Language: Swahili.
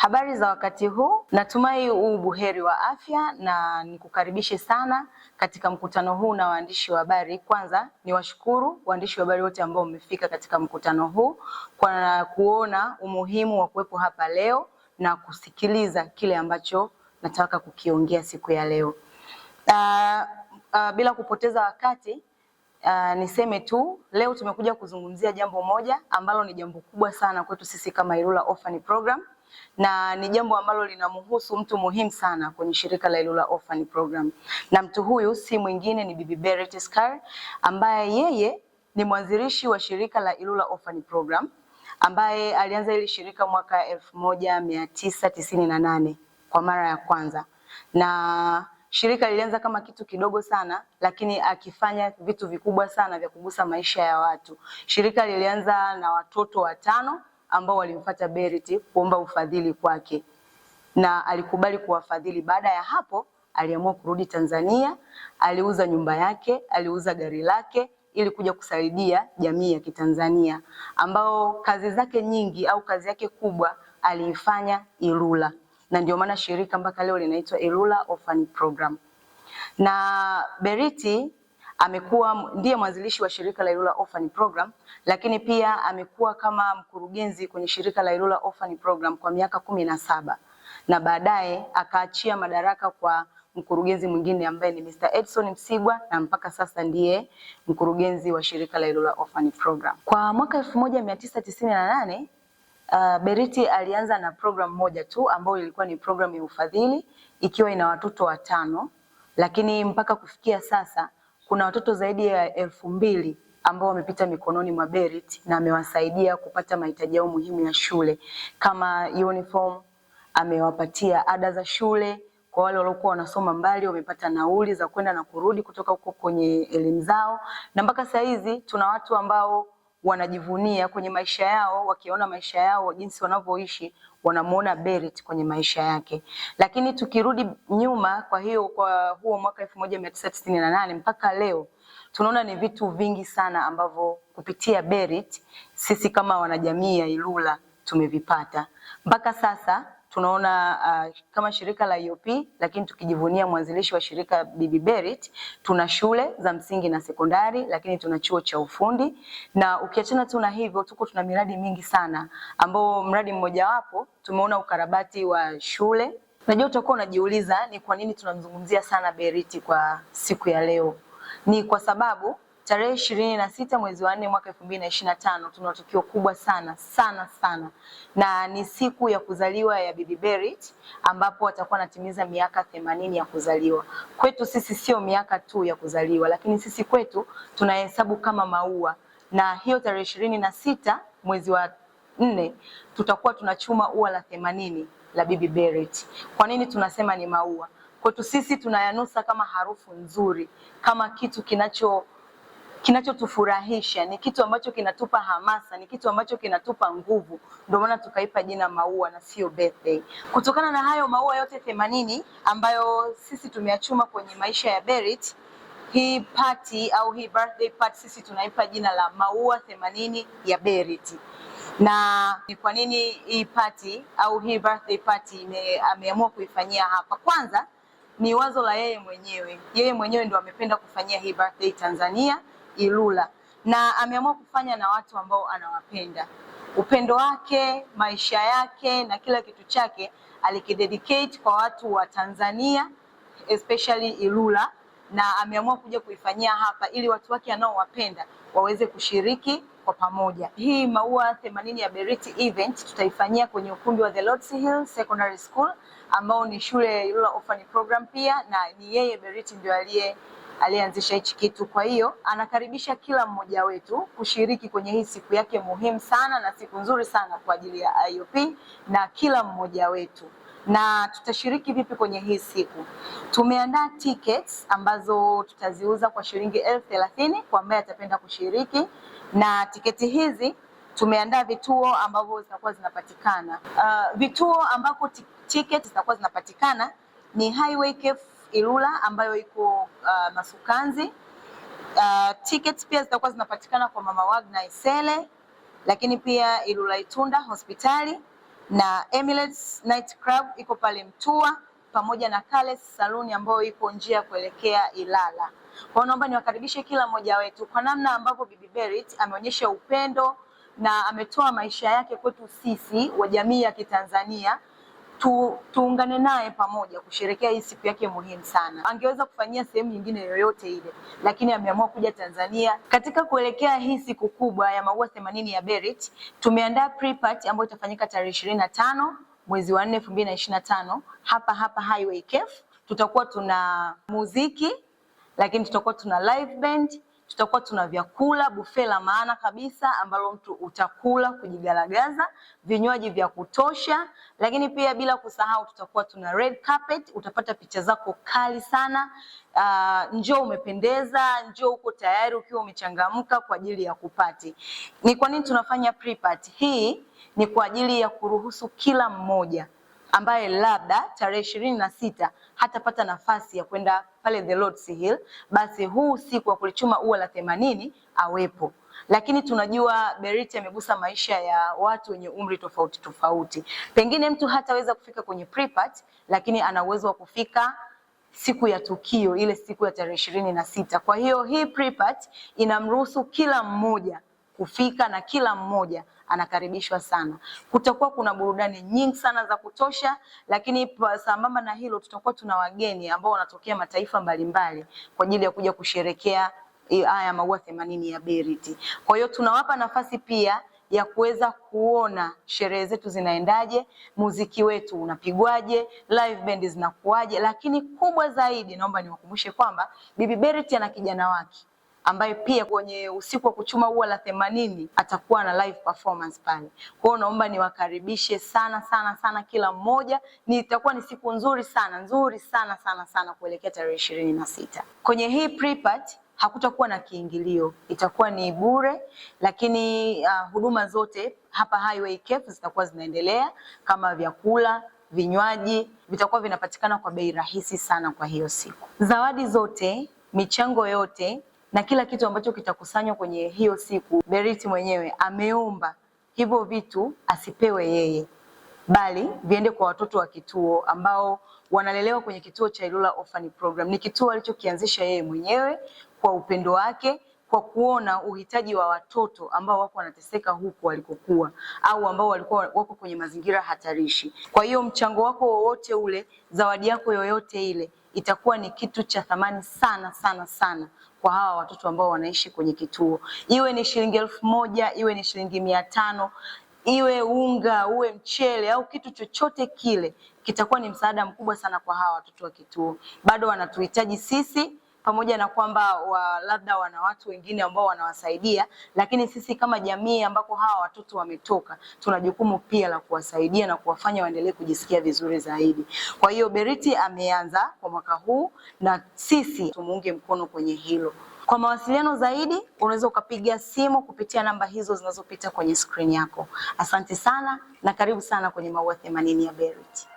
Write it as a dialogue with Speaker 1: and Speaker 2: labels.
Speaker 1: Habari za wakati huu, natumai huu buheri wa afya na nikukaribishe sana katika mkutano huu na waandishi wa habari. Kwanza ni washukuru waandishi wa habari wote ambao wamefika katika mkutano huu kwa kuona umuhimu wa kuwepo hapa leo na kusikiliza kile ambacho nataka kukiongea siku ya leo. Uh, uh, bila kupoteza wakati Uh, niseme tu leo tumekuja kuzungumzia jambo moja ambalo ni jambo kubwa sana kwetu sisi kama Ilula Orphan Program na ni jambo ambalo linamhusu mtu muhimu sana kwenye shirika la Ilula Orphan Program, na mtu huyu si mwingine ni Bibi Beret Skar ambaye yeye ni mwanzilishi wa shirika la Ilula Orphan Program ambaye alianza ile shirika mwaka elfu moja mia tisa tisini na nane kwa mara ya kwanza, na shirika lilianza kama kitu kidogo sana, lakini akifanya vitu vikubwa sana vya kugusa maisha ya watu. Shirika lilianza na watoto watano ambao walimfuata Berit kuomba ufadhili kwake na alikubali kuwafadhili. Baada ya hapo, aliamua kurudi Tanzania. Aliuza nyumba yake, aliuza gari lake ili kuja kusaidia jamii ya Kitanzania, ambao kazi zake nyingi au kazi yake kubwa aliifanya Ilula, na ndio maana shirika mpaka leo linaitwa Ilula Orphan Program. Na Beriti amekuwa ndiye mwanzilishi wa shirika la Ilula Orphan Program, lakini pia amekuwa kama mkurugenzi kwenye shirika la Ilula Orphan Program kwa miaka kumi na saba na baadaye akaachia madaraka kwa mkurugenzi mwingine ambaye ni Mr. Edson Msigwa na mpaka sasa ndiye mkurugenzi wa shirika la Ilula Orphan Program. Kwa mwaka 1998 Uh, Beriti alianza na program moja tu ambayo ilikuwa ni program ya ufadhili ikiwa ina watoto watano, lakini mpaka kufikia sasa kuna watoto zaidi ya elfu mbili ambao wamepita mikononi mwa Berit na amewasaidia kupata mahitaji yao muhimu ya shule kama uniform, amewapatia ada za shule kwa wale waliokuwa wanasoma mbali wamepata nauli za kwenda na kurudi kutoka huko kwenye elimu zao, na mpaka saa hizi tuna watu ambao wanajivunia kwenye maisha yao, wakiona maisha yao jinsi wanavyoishi, wanamuona Berit kwenye maisha yake. Lakini tukirudi nyuma, kwa hiyo kwa huo mwaka 1998 mpaka leo tunaona ni vitu vingi sana ambavyo kupitia Berit sisi kama wanajamii ya Ilula tumevipata mpaka sasa tunaona uh, kama shirika la IOP, lakini tukijivunia mwanzilishi wa shirika Bibi Berit, tuna shule za msingi na sekondari, lakini tuna chuo cha ufundi na ukiachana tu na hivyo, tuko tuna miradi mingi sana, ambao mradi mmojawapo tumeona ukarabati wa shule. Najua utakuwa unajiuliza ni kwa nini tunamzungumzia sana Berit kwa siku ya leo. Ni kwa sababu tarehe ishirini na sita mwezi wa nne mwaka elfu mbili na ishirini na tano tuna tukio kubwa sana sana sana, na ni siku ya kuzaliwa ya Bibi Berit ambapo watakuwa wanatimiza miaka themanini ya kuzaliwa. Kwetu sisi sio miaka tu ya kuzaliwa, lakini sisi kwetu tunahesabu kama maua, na hiyo tarehe ishirini na sita mwezi wa nne tutakuwa tunachuma ua la themanini la Bibi Berit. Kwa nini tunasema ni maua? Kwetu sisi tunayanusa kama harufu nzuri, kama kitu kinacho kinachotufurahisha, ni kitu ambacho kinatupa hamasa, ni kitu ambacho kinatupa nguvu. Ndio maana tukaipa jina maua na sio birthday. Kutokana na hayo maua yote themanini ambayo sisi tumeyachuma kwenye maisha ya Berit, hii party au hii birthday party sisi tunaipa jina la maua themanini ya Berit. Na ni kwa nini hii party au hii birthday party ameamua kuifanyia hapa? Kwanza ni wazo la yeye mwenyewe. Yeye mwenyewe ndo amependa kufanyia hii birthday Tanzania. Ilula na ameamua kufanya na watu ambao anawapenda. Upendo wake, maisha yake na kila kitu chake alikidedicate kwa watu wa Tanzania especially Ilula, na ameamua kuja kuifanyia hapa ili watu wake anaowapenda waweze kushiriki kwa pamoja. Hii maua themanini ya Beriti event tutaifanyia kwenye ukumbi wa The Lord's Hill Secondary School ambao ni shule ya Ilula Orphan Program pia, na ni yeye Beriti ndio aliye aliyeanzisha hichi kitu. Kwa hiyo anakaribisha kila mmoja wetu kushiriki kwenye hii siku yake muhimu sana na siku nzuri sana kwa ajili ya IOP na kila mmoja wetu. Na tutashiriki vipi kwenye hii siku? Tumeandaa tickets ambazo tutaziuza kwa shilingi elfu thelathini kwa ambaye atapenda kushiriki, na tiketi hizi tumeandaa vituo ambavyo zitakuwa zinapatikana. Uh, vituo ambako tiketi zitakuwa zinapatikana ni Highway Cafe Ilula ambayo iko uh, Masukanzi. Uh, tickets pia zitakuwa zinapatikana kwa Mama Wagner Isele, lakini pia Ilula Itunda hospitali na Emirates Night Club iko pale Mtua pamoja na Kales Saluni ambayo iko njia ya kuelekea Ilala. Kwa naomba niwakaribishe kila mmoja wetu kwa namna ambavyo Bibi Berit ameonyesha upendo na ametoa maisha yake kwetu sisi wa jamii ya Kitanzania tu, tuungane naye pamoja kusherekea hii siku yake muhimu sana. Angeweza kufanyia sehemu nyingine yoyote ile, lakini ameamua kuja Tanzania. Katika kuelekea hii siku kubwa ya maua themanini ya Berit, tumeandaa pre party ambayo itafanyika tarehe ishirini na tano mwezi wa nne elfu mbili na ishirini na tano hapa hapa Highway Cafe. Tutakuwa tuna muziki, lakini tutakuwa tuna live band tutakuwa tuna vyakula bufe la maana kabisa ambalo mtu utakula kujigaragaza, vinywaji vya kutosha, lakini pia bila kusahau tutakuwa tuna red carpet, utapata picha zako kali sana. Uh, njoo umependeza, njoo uko tayari ukiwa umechangamka kwa ajili ya kupati. Ni kwa nini tunafanya pre-party hii? Ni kwa ajili ya kuruhusu kila mmoja ambaye labda tarehe ishirini na sita hatapata nafasi ya kwenda pale the Lord's Hill, basi huu siku wa kulichuma ua la themanini awepo. Lakini tunajua Beriti amegusa maisha ya watu wenye umri tofauti tofauti, pengine mtu hataweza kufika kwenye pre-part, lakini ana uwezo wa kufika siku ya tukio ile siku ya tarehe ishirini na sita. Kwa hiyo hii pre-part inamruhusu kila mmoja kufika na kila mmoja anakaribishwa sana. Kutakuwa kuna burudani nyingi sana za kutosha, lakini sambamba na hilo tutakuwa tuna wageni ambao wanatokea mataifa mbalimbali kwa ajili ya kuja kusherekea e, haya maua themanini ya Berity. Kwa hiyo tunawapa nafasi pia ya kuweza kuona sherehe zetu zinaendaje, muziki wetu unapigwaje, live band zinakuwaje, lakini kubwa zaidi, naomba niwakumbushe kwamba Bibi Berity ana kijana wake ambaye pia kwenye usiku wa kuchuma ua la themanini atakuwa na live performance pale. Kwa hiyo naomba niwakaribishe sana sana sana kila mmoja, nitakuwa ni siku nzuri sana nzuri sana sana sana kuelekea tarehe ishirini na sita. Kwenye hii prepart hakutakuwa na kiingilio, itakuwa ni bure, lakini uh, huduma zote hapa Highway Cafe zitakuwa zinaendelea kama vyakula vinywaji vitakuwa vinapatikana kwa bei rahisi sana. Kwa hiyo siku zawadi zote, michango yote na kila kitu ambacho kitakusanywa kwenye hiyo siku, Berit mwenyewe ameomba hivyo vitu asipewe yeye, bali viende kwa watoto wa kituo ambao wanalelewa kwenye kituo cha Ilula Orphan Program. Ni kituo alichokianzisha yeye mwenyewe kwa upendo wake kwa kuona uhitaji wa watoto ambao wako wanateseka huku walikokuwa au ambao walikuwa wako kwenye mazingira hatarishi. Kwa hiyo mchango wako wowote ule, zawadi yako yoyote ile itakuwa ni kitu cha thamani sana sana sana kwa hawa watoto ambao wanaishi kwenye kituo, iwe ni shilingi elfu moja iwe ni shilingi mia tano iwe unga uwe mchele au kitu chochote kile, kitakuwa ni msaada mkubwa sana kwa hawa watoto wa kituo. Bado wanatuhitaji sisi pamoja na kwamba wa labda wana watu wengine ambao wanawasaidia, lakini sisi kama jamii ambako hawa watoto wametoka, tuna jukumu pia la kuwasaidia na kuwafanya waendelee kujisikia vizuri zaidi. Kwa hiyo Beriti ameanza kwa mwaka huu na sisi tumuunge mkono kwenye hilo. Kwa mawasiliano zaidi unaweza ukapiga simu kupitia namba hizo zinazopita kwenye skrini yako. Asante sana na karibu sana kwenye Maua themanini ya Beriti.